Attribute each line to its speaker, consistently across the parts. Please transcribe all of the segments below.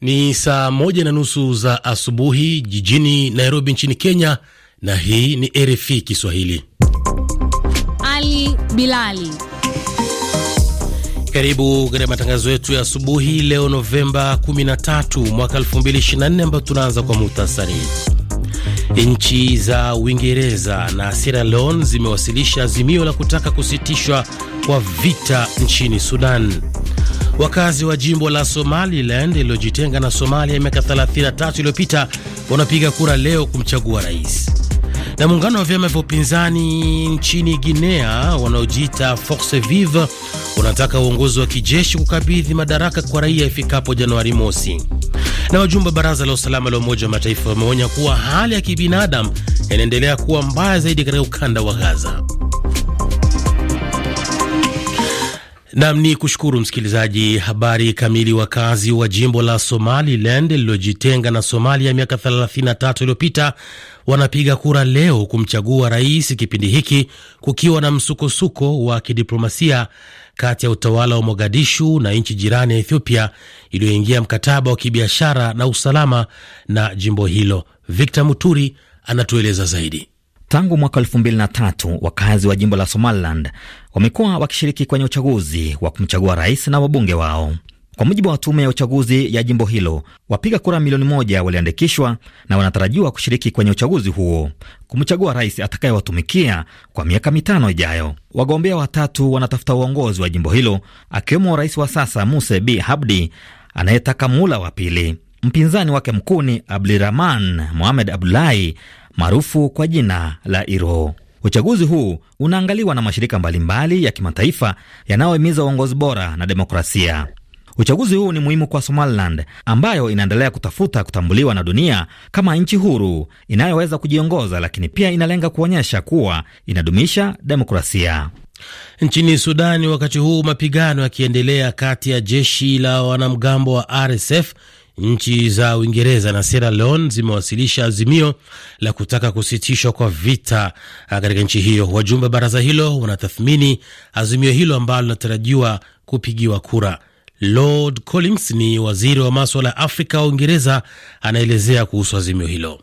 Speaker 1: Ni saa moja na nusu za asubuhi jijini Nairobi nchini Kenya, na hii ni RFI Kiswahili.
Speaker 2: Ali Bilali,
Speaker 1: karibu katika matangazo yetu ya asubuhi leo Novemba 13 mwaka 2024, ambayo tunaanza kwa muhtasari. Nchi za Uingereza na Sierra Leone zimewasilisha azimio la kutaka kusitishwa kwa vita nchini Sudan. Wakazi wa jimbo la Somaliland iliyojitenga na Somalia miaka 33 iliyopita wanapiga kura leo kumchagua rais. Na muungano wa vyama vya upinzani nchini Guinea wanaojiita Force Vive unataka uongozi wa kijeshi kukabidhi madaraka kwa raia ifikapo Januari mosi. Na wajumbe wa baraza la usalama la Umoja wa Mataifa wameonya kuwa hali ya kibinadamu inaendelea kuwa mbaya zaidi katika ukanda wa Gaza. Nam ni kushukuru msikilizaji. Habari kamili. Wakazi wa jimbo la Somaliland lililojitenga na Somalia miaka 33 iliyopita wanapiga kura leo kumchagua rais, kipindi hiki kukiwa na msukosuko wa kidiplomasia kati ya utawala wa Mogadishu na nchi jirani ya Ethiopia iliyoingia mkataba wa kibiashara na usalama na jimbo hilo. Victor Muturi anatueleza zaidi.
Speaker 2: Tangu mwaka elfu mbili na tatu wakazi wa jimbo la Somaliland wamekuwa wakishiriki kwenye uchaguzi wa kumchagua rais na wabunge wao. Kwa mujibu wa tume ya uchaguzi ya jimbo hilo, wapiga kura milioni moja waliandikishwa na wanatarajiwa kushiriki kwenye uchaguzi huo kumchagua rais atakayewatumikia kwa miaka mitano ijayo. Wagombea watatu wanatafuta uongozi wa jimbo hilo, akiwemo rais wa sasa Muse B Habdi anayetaka muhula wa pili. Mpinzani wake mkuu ni Abdirahman Mohamed Abdulahi maarufu kwa jina la IRO. Uchaguzi huu unaangaliwa na mashirika mbalimbali ya kimataifa yanayohimiza uongozi bora na demokrasia. Uchaguzi huu ni muhimu kwa Somaliland ambayo inaendelea kutafuta kutambuliwa na dunia kama nchi huru inayoweza kujiongoza, lakini pia inalenga kuonyesha kuwa inadumisha demokrasia.
Speaker 1: Nchini Sudani, wakati huu mapigano yakiendelea kati ya jeshi la wanamgambo wa RSF Nchi za Uingereza na Sierra Leone zimewasilisha azimio la kutaka kusitishwa kwa vita ah, katika nchi hiyo. Wajumbe wa baraza hilo wanatathmini azimio hilo ambalo linatarajiwa kupigiwa kura. Lord Collins ni waziri wa maswala ya Afrika wa Uingereza, anaelezea kuhusu azimio hilo.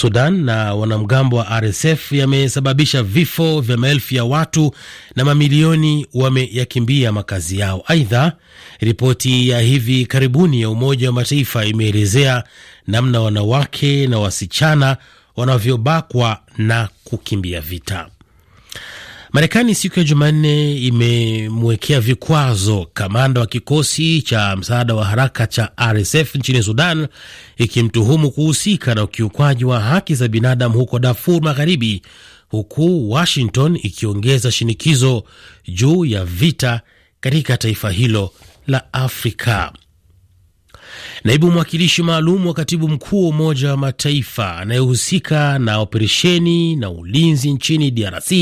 Speaker 1: Sudan na wanamgambo wa RSF yamesababisha vifo vya maelfu ya watu na mamilioni wameyakimbia makazi yao. Aidha, ripoti ya hivi karibuni ya Umoja wa Mataifa imeelezea namna wanawake na wasichana wanavyobakwa na kukimbia vita. Marekani siku ya Jumanne imemwekea vikwazo kamanda wa kikosi cha msaada wa haraka cha RSF nchini Sudan, ikimtuhumu kuhusika na ukiukwaji wa haki za binadamu huko Darfur Magharibi, huku Washington ikiongeza shinikizo juu ya vita katika taifa hilo la Afrika. Naibu mwakilishi maalum wa katibu mkuu wa Umoja wa Mataifa anayehusika na operesheni na ulinzi nchini DRC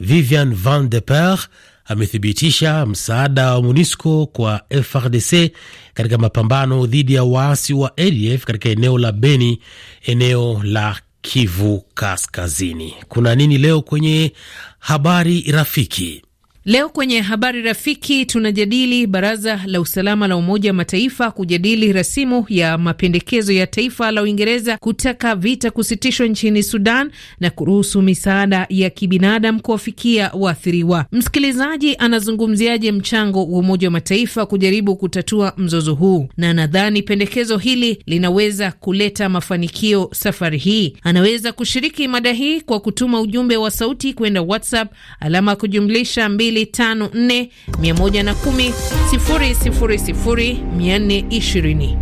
Speaker 1: Vivian Van de Per amethibitisha msaada wa MONUSCO kwa FRDC katika mapambano dhidi ya waasi wa ADF katika eneo la Beni, eneo la Kivu Kaskazini. Kuna nini leo kwenye habari rafiki?
Speaker 2: Leo kwenye habari rafiki tunajadili baraza la usalama la Umoja wa Mataifa kujadili rasimu ya mapendekezo ya taifa la Uingereza kutaka vita kusitishwa nchini Sudan na kuruhusu misaada ya kibinadamu kuwafikia waathiriwa. Msikilizaji anazungumziaje mchango wa Umoja wa Mataifa kujaribu kutatua mzozo huu, na nadhani pendekezo hili linaweza kuleta mafanikio safari hii. Anaweza kushiriki mada hii kwa kutuma ujumbe wa sauti kwenda WhatsApp alama ya kujumlisha mbili 254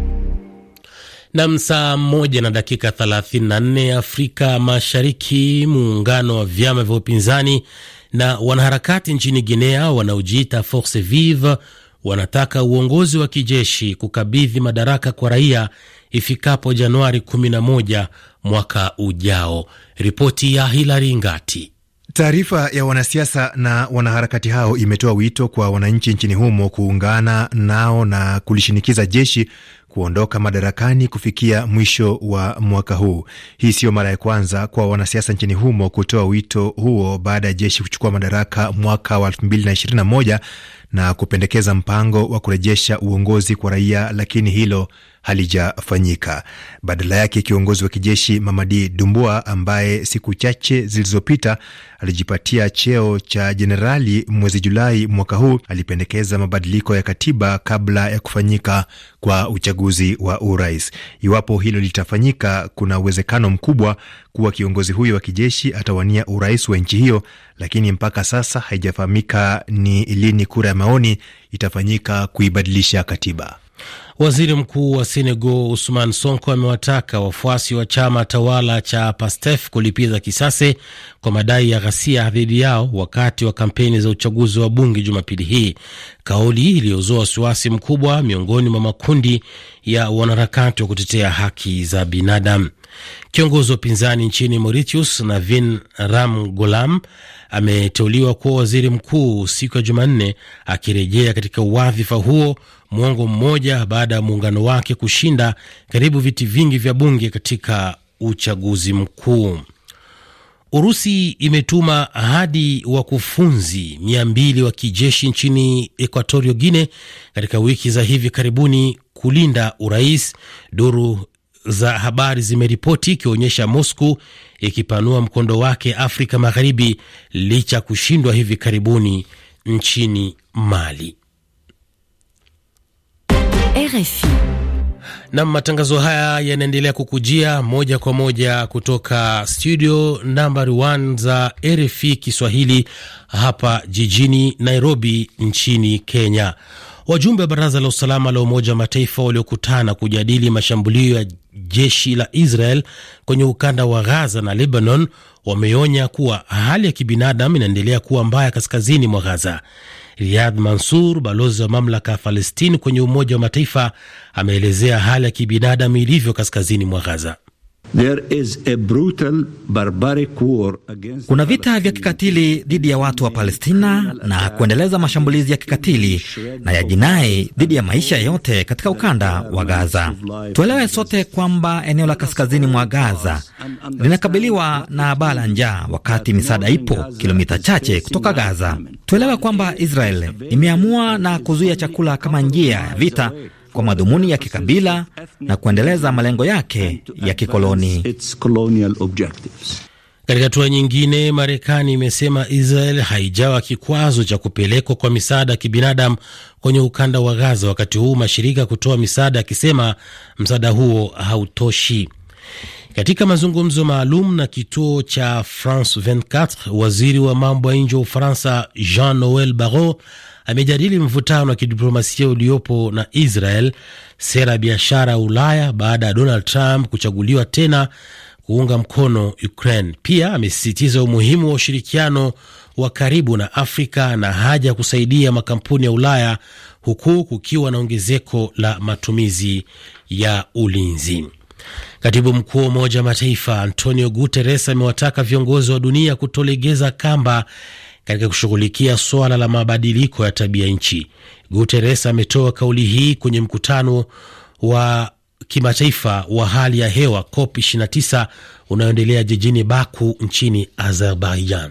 Speaker 1: Nam, saa moja na dakika 34 Afrika Mashariki. Muungano wa vyama vya upinzani na wanaharakati nchini Guinea wanaojiita Force Vive wanataka uongozi wa kijeshi kukabidhi madaraka kwa raia ifikapo Januari 11 mwaka ujao. Ripoti ya Hilari Ngati. Taarifa ya wanasiasa na wanaharakati hao imetoa wito kwa wananchi nchini humo kuungana nao na kulishinikiza jeshi kuondoka madarakani kufikia mwisho wa mwaka huu. Hii siyo mara ya kwanza kwa wanasiasa nchini humo kutoa wito huo baada ya jeshi kuchukua madaraka mwaka wa 2021 na kupendekeza mpango wa kurejesha uongozi kwa raia, lakini hilo halijafanyika. Badala yake, kiongozi wa kijeshi Mamadi Dumbua ambaye siku chache zilizopita alijipatia cheo cha jenerali mwezi Julai mwaka huu alipendekeza mabadiliko ya katiba kabla ya kufanyika kwa uchaguzi wa urais. Iwapo hilo litafanyika, kuna uwezekano mkubwa kuwa kiongozi huyo wa kijeshi atawania urais wa nchi hiyo, lakini mpaka sasa haijafahamika ni lini kura ya maoni itafanyika kuibadilisha katiba. Waziri mkuu wa Senegal Usman Sonko amewataka wafuasi wa chama tawala cha Pastef kulipiza kisasi kwa madai ya ghasia dhidi yao wakati wa kampeni za uchaguzi wa bunge Jumapili hii, kauli iliyozua wasiwasi mkubwa miongoni mwa makundi ya wanaharakati wa kutetea haki za binadamu. Kiongozi wa upinzani nchini Mauritius, Navin Golam, ameteuliwa kuwa waziri mkuu siku ya Jumanne, akirejea katika wadhifa huo mwongo mmoja baada ya muungano wake kushinda karibu viti vingi vya bunge katika uchaguzi mkuu. Urusi imetuma ahadi wakufunzi mia mbili wa kijeshi nchini Equatorio Guine katika wiki za hivi karibuni kulinda urais, duru za habari zimeripoti ikionyesha Moscow ikipanua mkondo wake Afrika Magharibi licha kushindwa hivi karibuni nchini Mali. RFI. Nam, matangazo haya yanaendelea kukujia moja kwa moja kutoka studio nambari 1 za RFI Kiswahili hapa jijini Nairobi nchini Kenya. Wajumbe wa Baraza la Usalama la Umoja wa Mataifa waliokutana kujadili mashambulio ya jeshi la Israel kwenye ukanda wa Gaza na Lebanon wameonya kuwa hali ya kibinadamu inaendelea kuwa mbaya kaskazini mwa Gaza. Riyad Mansur, balozi wa mamlaka ya Palestini kwenye Umoja wa Mataifa, ameelezea hali ya kibinadamu ilivyo kaskazini mwa Gaza.
Speaker 2: There is a brutal barbaric war against. Kuna
Speaker 1: vita vya kikatili dhidi ya watu
Speaker 2: wa Palestina na kuendeleza mashambulizi ya kikatili na ya jinai dhidi ya maisha yote katika ukanda wa Gaza. Tuelewe sote kwamba eneo la kaskazini mwa Gaza linakabiliwa na baa la njaa, wakati misaada ipo kilomita chache kutoka Gaza. Tuelewe kwamba Israel imeamua na kuzuia chakula kama njia ya vita kwa madhumuni ya kikabila na kuendeleza malengo yake ya kikoloni.
Speaker 1: Katika hatua nyingine, Marekani imesema Israel haijawa kikwazo cha kupelekwa kwa misaada ya kibinadamu kwenye ukanda wa Gaza, wakati huu mashirika kutoa misaada akisema msaada huo hautoshi. Katika mazungumzo maalum na kituo cha France 24 waziri wa mambo ya nje wa Ufaransa Jean Noel Barrot amejadili mvutano wa kidiplomasia uliopo na Israel, sera ya biashara ya Ulaya baada ya Donald Trump kuchaguliwa tena kuunga mkono Ukraine. Pia amesisitiza umuhimu wa ushirikiano wa karibu na Afrika na haja ya kusaidia makampuni ya Ulaya huku kukiwa na ongezeko la matumizi ya ulinzi. Katibu mkuu wa Umoja wa Mataifa Antonio Guterres amewataka viongozi wa dunia kutolegeza kamba katika kushughulikia suala la mabadiliko ya tabia nchi. Guterres ametoa kauli hii kwenye mkutano wa kimataifa wa hali ya hewa COP 29 unaoendelea jijini Baku nchini Azerbaijan.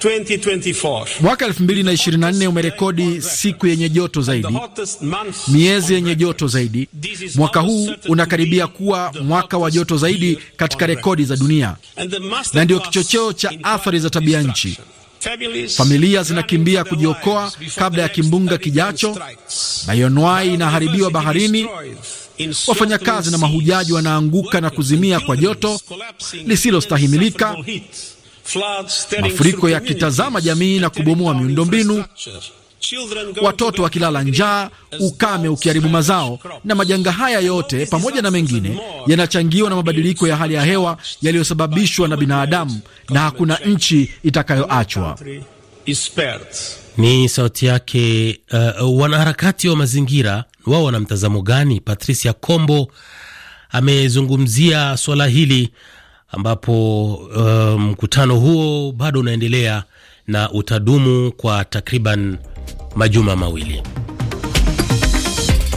Speaker 1: 2024. Mwaka 2024 umerekodi siku yenye joto zaidi,
Speaker 2: miezi yenye joto zaidi. Mwaka huu unakaribia kuwa mwaka wa joto zaidi katika rekodi za dunia, na ndio kichocheo cha athari za tabia nchi. Familia zinakimbia kujiokoa kabla ya kimbunga kijacho, na inaharibiwa baharini. Wafanyakazi na mahujaji wanaanguka na kuzimia kwa joto
Speaker 1: lisilostahimilika mafuriko yakitazama
Speaker 2: jamii na kubomoa miundombinu, watoto wakilala njaa, ukame ukiharibu mazao. Na majanga haya yote pamoja na mengine yanachangiwa na mabadiliko ya hali ya hewa yaliyosababishwa na binadamu, na hakuna nchi itakayoachwa.
Speaker 1: Ni sauti yake. Uh, wanaharakati wa mazingira wao wana mtazamo gani? Patricia Kombo amezungumzia swala hili ambapo eh, mkutano um, huo bado unaendelea na utadumu kwa takriban majuma mawili.